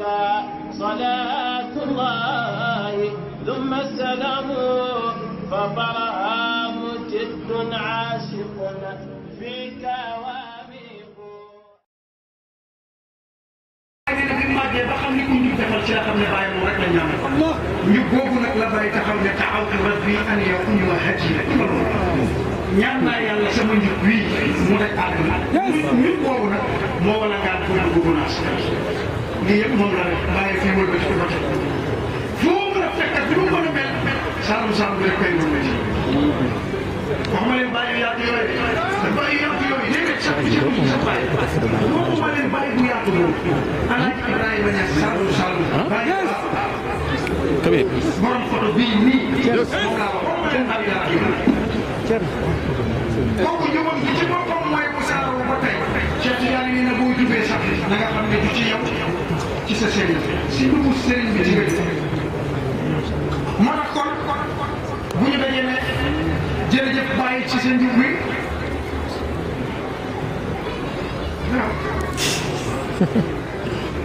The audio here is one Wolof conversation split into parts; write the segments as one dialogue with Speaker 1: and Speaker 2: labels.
Speaker 1: عليك صلاة الله ثم السلام فطرها مجد عاشق فيك واميق ba xam ne indi defal ci la xam ne bàyyi moom rek la ñu amal ñu boobu nag la bàyyi taxaw ne taxaw rabbi an yow ñu wax xaj yi rek ñaan naa yàlla sama njub wii mu daj àdduna. ñun boobu nag moo wala gaal pour mu lii yëpp moom la rek bàyyi fii wër bët ko foo mën a fekk ak lu mën a mel saalum saalum rek koy mën a wax ma leen bàyyi yaatu yooyu dañ bàyyi yaatu yooyu léegi sax ci ci sa bàyyi moom ma leen bàyyi bu yaatu boobu alaaj Ibrahima ne saalum saalum bàyyi tamit borom photo bii nii moom laa wax kooku jëmam ci ci boppam mooy tey Cheikh Tidiane nee na boo jubee sax na nga xam ne du ci yow ci sa sëriñ si dugub sëriñ bi ci gën moo tax kon bu ñu dajee ne jërëjëf bàyyi ci seen jub bi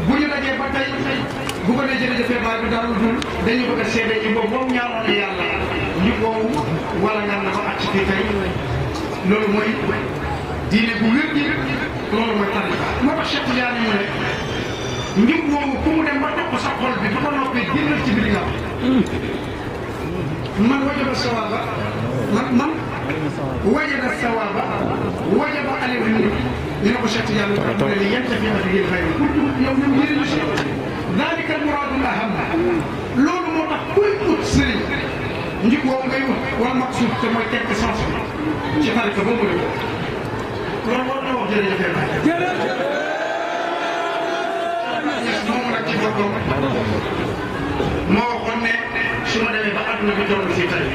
Speaker 1: bu ñu dajee ba tey bu ko dee jërëjëfee bàyyi bi daal dul dañu bëgg a seede ci boobu moom ñaanoon yàlla ñu boobu wala ñaan na ba àcc ci tey loolu mooy diine bu wér gi loolu mooy tarixa moo tax Cheikh Tidiane mu ne ngir moomu fu mu dem ba topp sa xol bi bu ko noppee génnal ci biir yàlla man wajaba sawaaba man man wajaba sawaaba wajaba ale bi li na ko Cheikh Tidiane mu ne yantafi na bi xayri pour yow ñun njëriñ la Cheikh dalika almuradul aham loolu moo tax kuy ut sëriñ njëg woowu ngay ut wal maqsuud te mooy tekk sens bi ci tarixa boobu la loolu moo ñu wax jërëjëf jërëjëf. moom nag ci boppam moo waxoon ne su ma demee ba àdduna bi toll fii tey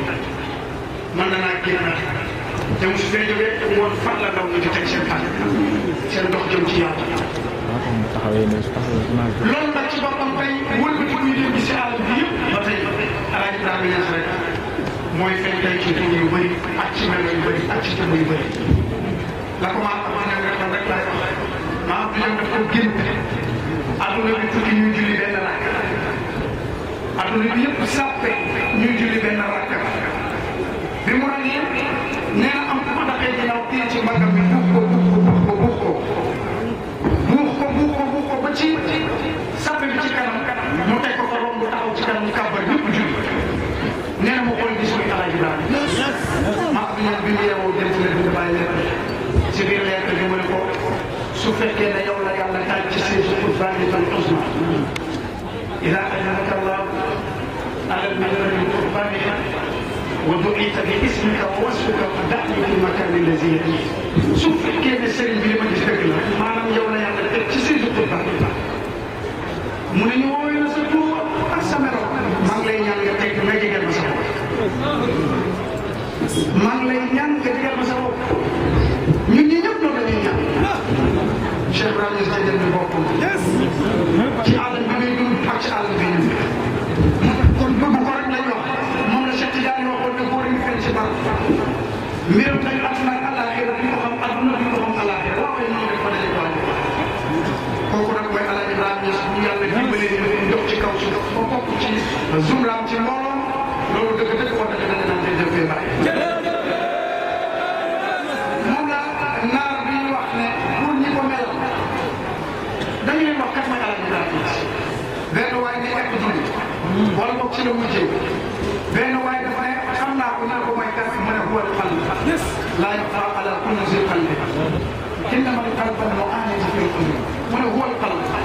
Speaker 1: man danaa génnaat te mu su fee jógee woon fan la ndaw ñu di teg seen tànk dem ci àll bi yëpp ba tey alaaj Ibrahima Ñas rek mooy feeñ tey ci tur yu bëri ak ci melo yu bëri ak ci tur yu bëri. la ko maa amaanaan rek man rek laay wax maa bi yow daf ko gént adduna bi tukki ñuy julli benn raak adduna bi yëpp sàppe ñuy julli benn على المنار بقربانها وبقيت باسمك ووصفك ودعني في المكان الذي يليك شوف كيف السرين بلي ما تشتغل معناها يوم لا يعمل تكتسر القربان mu ne ñu woowee na sa tur ak sa melo maa ngi lay ñaan nga teg nga jegal ma sa bopp maa ngi lay ñaan nga jegal mbiram nag àdduna ak àllaaxira di ko xam àdduna di ko waaye noonu rek ma daje ko kooku nag mooy El Hadj Ibrahima Niass bu yàlla dimbalee ñu jox ci kaw ci ci zumraam ci mbooloo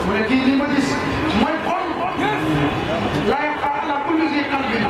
Speaker 1: mu ne kii lii ma gis mooy xol laa yabqa ala kulli zi qalbin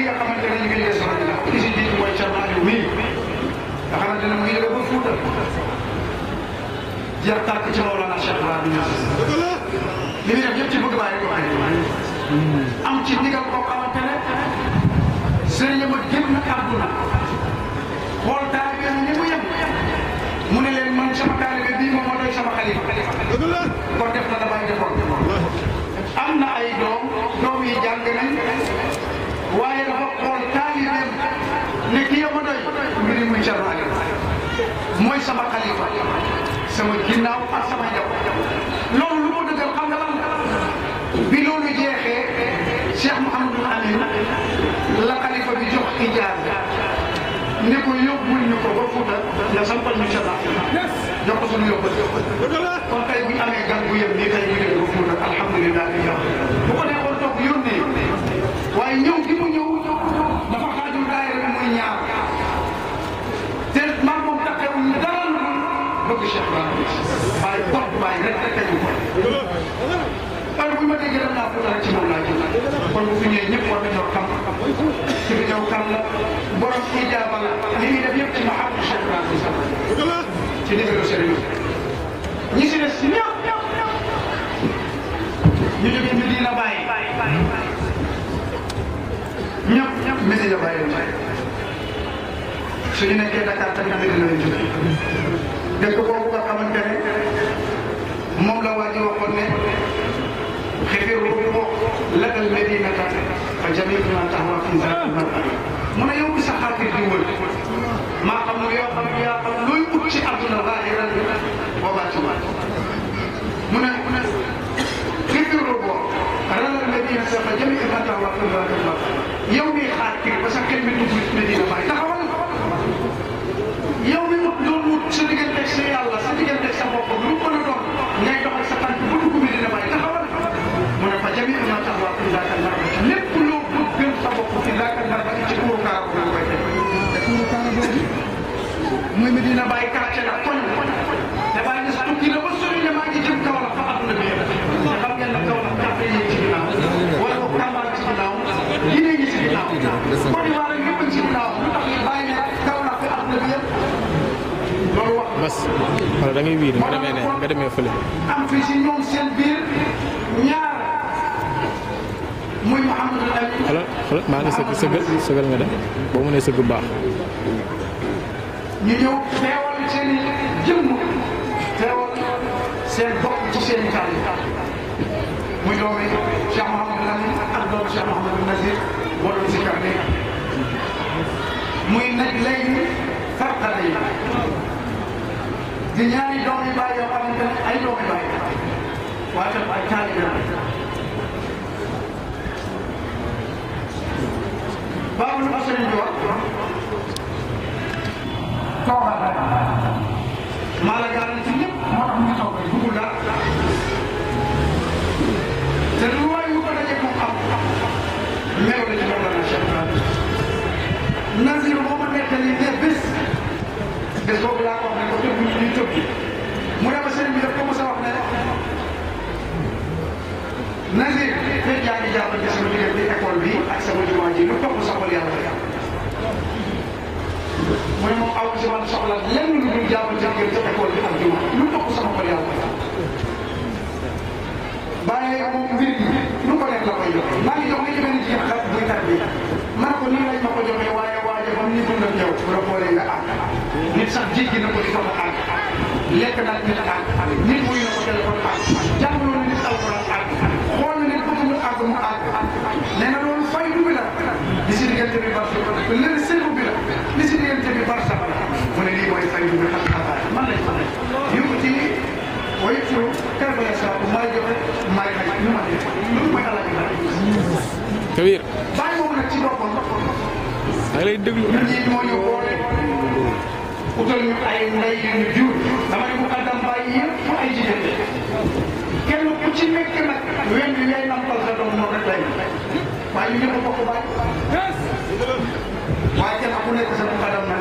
Speaker 1: yi nga xamante ne ñu ngi leen sant la ki si jiitu mooy Thierno Aliou mii nga xamante ne mu ngi jóge ba Fuuta jeex tàkk ci Mawlana Cheikh Ibrahim Niass li muy def yëpp ci bëgg bàyyi ko am ci ndigal koo xamante ne sëriñ ma génn àdduna xool taalibe ni mu yem mu ne leen man sama taalibe bii moom moo doy sama xalifa kon def na damay defoon am na ay doom doom yi jàng nañ sama xalifa sama ginnaaw ak sama njaboot loolu lu ko dëggal xam nga lan bi loolu jeexee Cheikh Mouhamadou Amine la xalifa bi jox ijaaza ne ko yóbbul ñu ko ba Fuuta nga sampal ñu ca baax jox ko suñu yóbbal kon tey bu ñu amee gan bu yem nii tey bu ñu ba Fuuta alhamdulilah bu ko nekkoon toog yónnee waaye ñëw gi mu ñëw waaye topp waaye rek rek la ñu ko. heure bu ma déggee def naa ko dara ci moom laa jëm kon bu fi ñëwee ñëpp war nañoo xam ci bi ñëw xam la borom ijaaba la li ñuy def yëpp ci ma xam Cheikh Ibrahima Sall ci numéro sérieux ñi si des si ñëpp ñu jógee ñu dina bàyyi ñëpp ñëpp Medina Baye lañ suñu nekkee Dakar tamit Medina lañ jógee dëkk boobu nga xamante ne moom la waa ji waxoon ne xëfir ko lagal medinata fa jamiu ma taxwa fi zaati mar'a mu ne yow bi sa xaatir di wër maa xam ne yoo xam yaa xam looy ut ci àdduna zahiran wa baatinan mu ne mu ne xëfir ko lagal medinata fa jamiu ma taxwa fi zaati mar'a yow mi xaatir ba sa xel mi dugg medina bàyyi taxawal fii na bàyyi quartier la koñ te bàyyi na si tukki na ba sori ne maa ngi jëm kaw la fa àdduna bi yëpp te xam ngeen ne kaw la café yi ci ginnaaw wala ko kàmbaan ci ginnaaw lii ne ñu ci ginnaaw Côte d'Ivoire ak yëpp ci ginnaaw lu tax ñu bàyyi na kaw la fi àdduna bi yëpp loolu wax bas wala da ngay wiir nga demee ne nga demee fële am fii si ñoom seen biir ñaar muy Mouhamadou Amin xoolal xoolal maa ngi sëgg sëggal sëggal nga dem boo mënee sëgg baax ñu ñëw teewal seen i jëmm teewal seen bopp ci seen i taal muy doomi Cheikh Mouhamadou Lamine ak doomu Cheikh Mouhamadou Nazir moo doon si kàddu muy nag léegi fàttali yi di ñaari doomi baay yoo xamante ay doomi baay waaye tam ay taalibe la baaxul ak seen i toogal maa la garanti ñëpp moo tax ñu toog rek bëggul dara te lu waay yu ko dajee moom xam meew la ci Mawlana Cheikh Ibrahim Nasir moo ma nettali ne bés bés boobu laa ko wax ne ko tëb ñu ñuy tëb mu ne ma sëriñ bi daf ko mos a wax ne Nasir fekk yaa ngi jàpp ci sama diggante école bi ak sama jumaa ji lu topp sa xol yàlla mooy moom aw si man soxla lenn lu dul jàmm jàngal ca école bi ak juma lu topp sama xol yàlla bàyyi moom mbir bi lu ko nekk la koy jox maa ngi jox nga ci benn jigéen xarit buy tar bi ma ne ko nii lañ ma ko joxee waaye waaye man ni mën na ñëw bu la boolee nga àgg nit sax jéggi na ko di soxla àgg lekk na nit àgg nit wuy na ko téléphone àgg jàngaloo na nit alxuraan àgg xool na nit bëgg mu àgg mu àgg nee na loolu fay du bi la di si diggante bi parce que léegi séeru bi la yi ñu xam xabaar man lañ man lañ yuuti way ci terbesa may joxe may xaj ñu ma def loolu mooy alal bi Kabir bàyyi moom nag ci boppam da lay déglu ñun ñi moo ñu boole utal ñu ay ndey yu ñu jur dama ne mu xaddam bàyyi yëpp ay jigéen kenn ku ci nekk nag wen bi ngay nampal sa doom noonu rek lay waaye ñu ñëpp bokk bàyyi waaye kenn ku nekk sa mu xaddam nag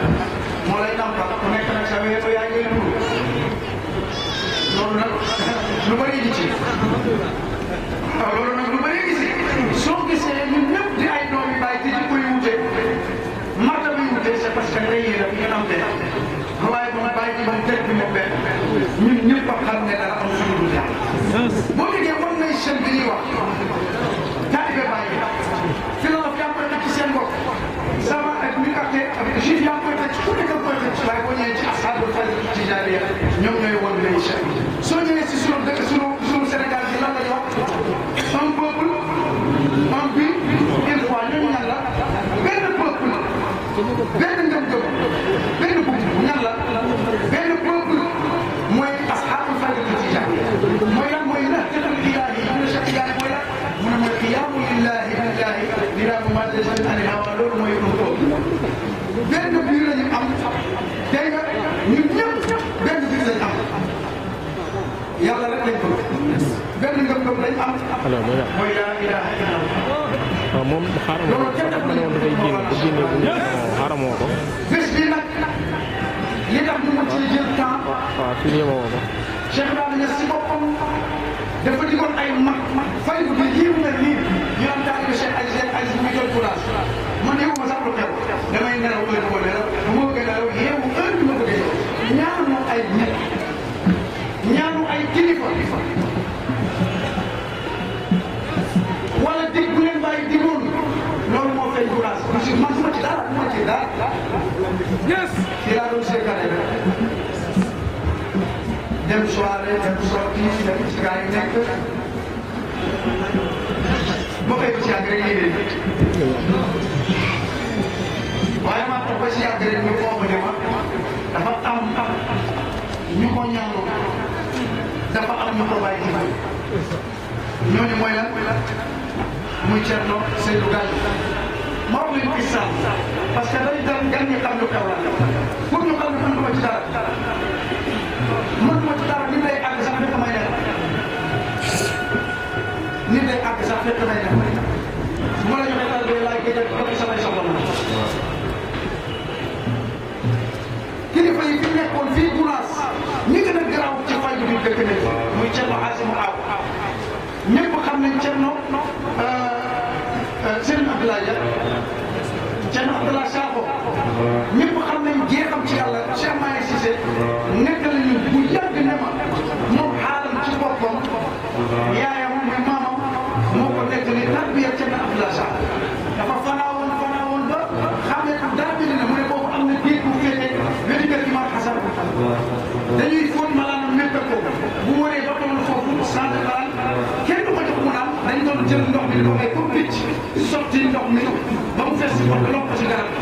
Speaker 1: benn ngëm-ngëm benn bunt bu ñan la benn peuple mooy asxaabul fayda ci jàng mooy lan mooy la jëfal ilaahi am na Cheikh Tidiane mooy lan mu ne mooy qiyaamu lillaahi lillaahi dinaa ko mën a ane hawa loolu mooy lu toog benn biir lañu am day nga ñun ñëpp benn biir lañu am yàlla rek lañ bëgg benn ngëm-ngëm lañ am mooy laa ilaaha illallaah moom xaaral ma ne ko ma ne woon dafay génn ba génne bu ñu xaaral ma woo ko. bés bi nag li tax ñu mën cee jël temps. waaw waaw fii nii ma woo ko. Cheikh Ibrahima Niass si boppam dafa digoon ay mag mag fay bu dee yéemu na nii ñu am taal bi Cheikh Aziz Cheikh Aziz mu jël courage man de ma sax lu xew damay nelaw heure bu ma nelaw bu ma gën a yeewu heure bi ma ko dee ñaanu ay nit ñaanu ay kilifa. That? Yes. Kiraro Shekare. Dem soirée, dem sortie, dem ci gaa yi nekk. Mu koy ci ak rek yéene. Waaye ma ko ci ak rek ñu foofu ne ma dafa am am ñu ko ñaanu dafa am ñu ko bàyyi ci may. Ñooñu mooy lan muy Cerno Seydou Gaye. mawqif islam parce que dañu daan gan ñi xam ñu xew la pour ñu xam ne mënu ma ci dara mënu ma ci dara nit day àgg sax fekk may neex nit day àgg sax fekk may neex moo la joxee daal day laaj géej ak samay soxla na kilifa yi fi nekkoon fii Gunaas ñi gën a garaaw ci faj bi dëkk ne muy Cerno Asimu Aw ñëpp xam nañ Cerno yaayam muy maamam moo ko nekk ni tarbiya ca na Abdoulaye Sarr dafa fanaawoon fanaawoon ba xamee am dara bi ne mu ne boobu am na géej bu féete wetu kër gi maam Xasan dañuy fóot malaanam méppe ko bu waree ba toll foofu sant baal kenn du ko jox mu naan dañ doon jël ndox mi ko ay comme picc sotti ndox mi ba mu fees si bopp lopp ci garab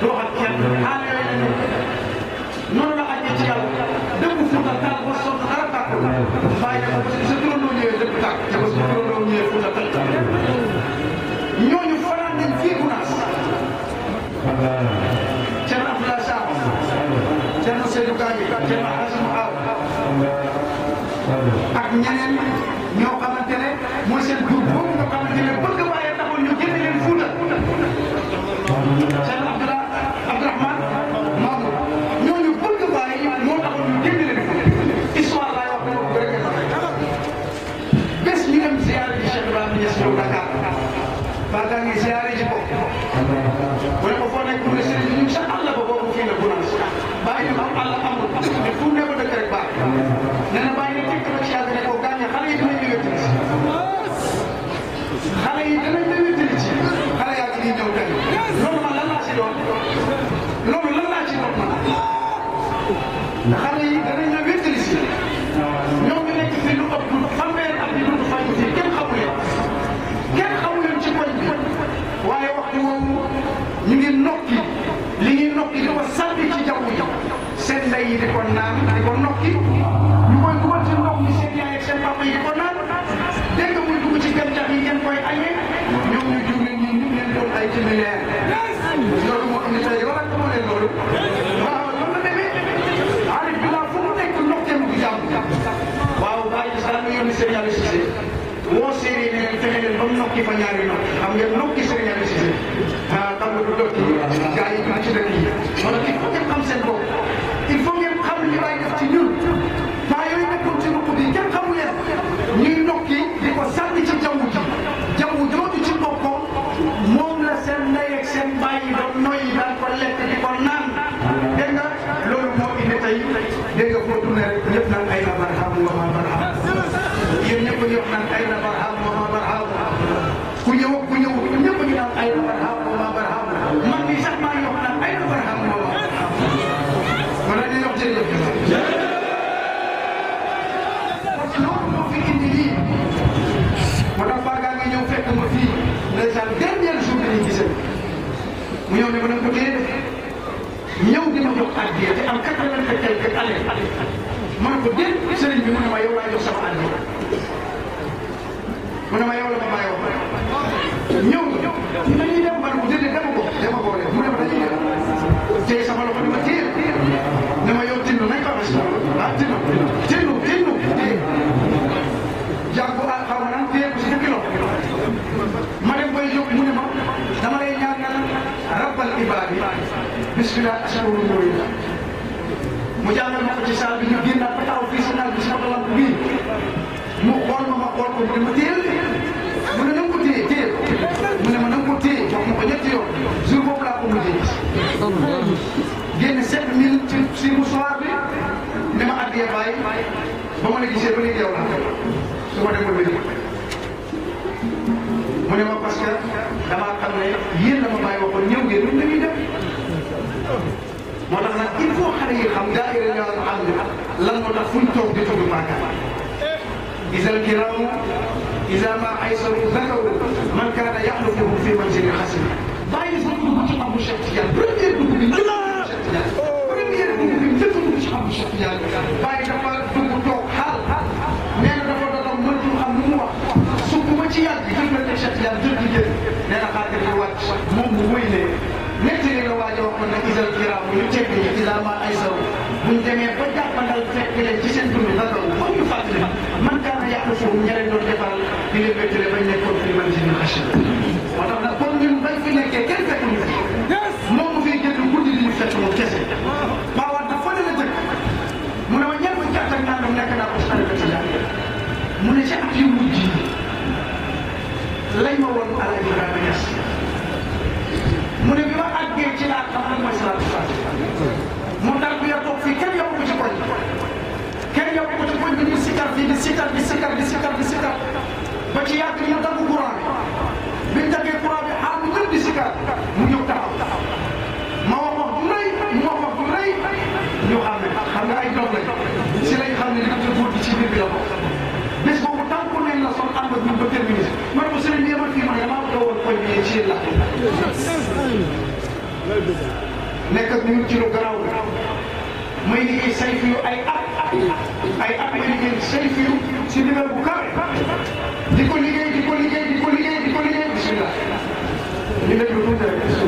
Speaker 1: doo xam kenn xaal yooyu ak ñeneen nekk ci dëkk yi moo tax il faut ngeen xam seen bopp il faut ngeen xam li may def ci ñun paa yooyu nekkoon ci ruq bi kenn xamu leen ñuy nokki di ko sànni ci jaww ji jaww jooju ci bokkoo moom la seen ndey ak seen baay yi doon noyyi daan ko lekk di ko naan dégg nga loolu moo indi tey dégg nga foo tourné rek ñëpp naan ay la barham wa ma barham yéen ñëpp ñëpp naan ay la barham parce que loolu moo fi indi lii moo tax Farga ngi ñëw fekk ma fii ndeysaan dernier jour bi ñu gisee mu ñëw ne ma ko téye ñëw di ma jox addiya te am quatre-vingt-sept quelques années ma ne ko déet sëriñ bi mu ne ma yow laa jox sama addiya mu ne ma yow la ma bisimilah asalaamu aleykum mu jàngal ma ko ci saal bi ñu génnaat ba taxaw fii si naaj bi si oto lamp bii mu xool ma ma xool ko mu ne ma téel mu ne na nga ko téye téye mu ne ma na nga ko téye jox ma ko ñetti yoon jour boobu laa ko mujjee gis. génne 7000 ci si mouchoir bi ne ma àggee bàyyi ba ma la gisee ba léegi yow la su ma demul ba mu ne ma parce que damaa xam ne yéen la ma bàyyi waxoon ñëw ngeen ñun dañuy dem. moo tax nag il faut xale yi xam daayira ñoo xam lan moo tax fuñ toog di tudd màggal isal kiraamu isa ma aysaru zakaru man kaana yaxlufuhu fi manzili xasin bàyyi sax dugg ci xamu Cheikh Tidiane première dugg bi njëkk a Cheikh Tidiane première dugg bi njëkk a dugg ci xamu Cheikh Tidiane bàyyi dafa dugg toog xaal nee na dafa doon mëntu xam lu mu wax su ma ci yàgg jël na ne Cheikh Tidiane jël di jël nee na xaar nga wàcc moom mu wéy ne nettali la waa ji waxoon na isal kiraamu ñu teg ñu isal ma ay saw buñ demee ba jàppandal fekk leen ci seen dund la doon foog ñu fàttali man kaana yàqu foofu ñeneen doon defaral di leen wéttale bañ nekkoon fi man si ñu xasal moo tax nag comme ñun bañ fi nekkee kenn fekk ñu fi moom mu fiy jënd guddi di ñu fekk moom kese baawaat na fa la dëkk mu ne ma ñett jàpp ak nangam nekk naa ko si mu ne si at yu mujj ba ci yàgg ñu dagg courant bi biñ daggee courant bi xaar bu gën di sikar mu ñëw taxaw ma wax bu rëy mu wax bu rëy ñu xam ne xam nga ay doom bi ci biir bi la bokk bés boobu tànku nañ la son ànd ak ñun ba terminé ma ne ko sëriñ bi yemal ma ne maa ko woon koy bi ci la nekk ak ñun ay at yu ngeen sayfiyu si ndigal bu kawe di ko liggéey di ko liggéey di ko liggéey di ko liggéey bisimilah ñu nekk lu tuuti rek